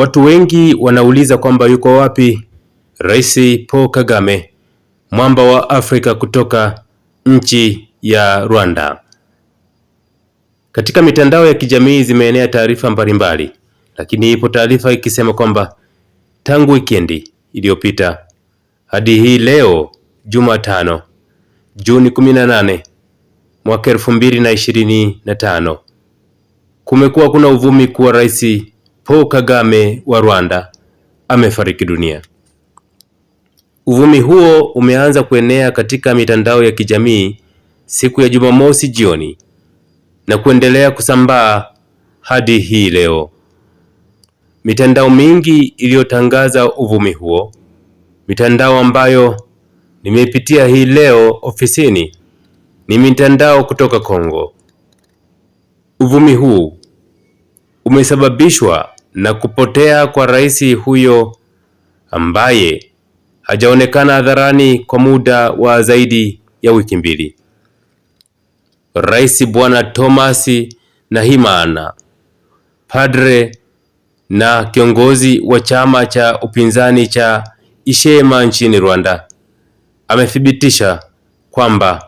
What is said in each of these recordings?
Watu wengi wanauliza kwamba yuko wapi Rais Paul Kagame, mwamba wa Afrika kutoka nchi ya Rwanda. Katika mitandao ya kijamii zimeenea taarifa mbalimbali, lakini ipo taarifa ikisema kwamba tangu wikendi iliyopita hadi hii leo Jumatano Juni 18 mwaka 2025 kumekuwa kuna uvumi kuwa Rais Paul Kagame wa Rwanda amefariki dunia. Uvumi huo umeanza kuenea katika mitandao ya kijamii siku ya Jumamosi jioni na kuendelea kusambaa hadi hii leo. Mitandao mingi iliyotangaza uvumi huo, mitandao ambayo nimeipitia hii leo ofisini, ni mitandao kutoka Kongo. Uvumi huu umesababishwa na kupotea kwa rais huyo ambaye hajaonekana hadharani kwa muda wa zaidi ya wiki mbili. Rais Bwana Thomas Nahimana, padre na kiongozi wa chama cha upinzani cha Ishema nchini Rwanda, amethibitisha kwamba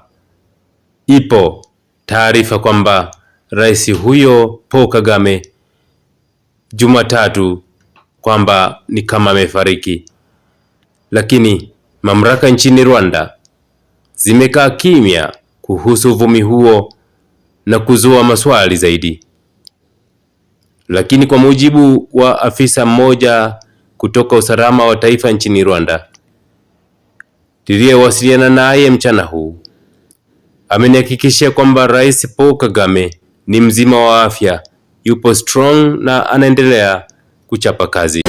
ipo taarifa kwamba rais huyo Paul Kagame Jumatatu kwamba ni kama amefariki, lakini mamlaka nchini Rwanda zimekaa kimya kuhusu uvumi huo na kuzua maswali zaidi. Lakini kwa mujibu wa afisa mmoja kutoka usalama wa taifa nchini Rwanda tuliyewasiliana naye mchana huu, amenihakikishia kwamba Rais Paul Kagame ni mzima wa afya yupo strong na anaendelea kuchapa kazi.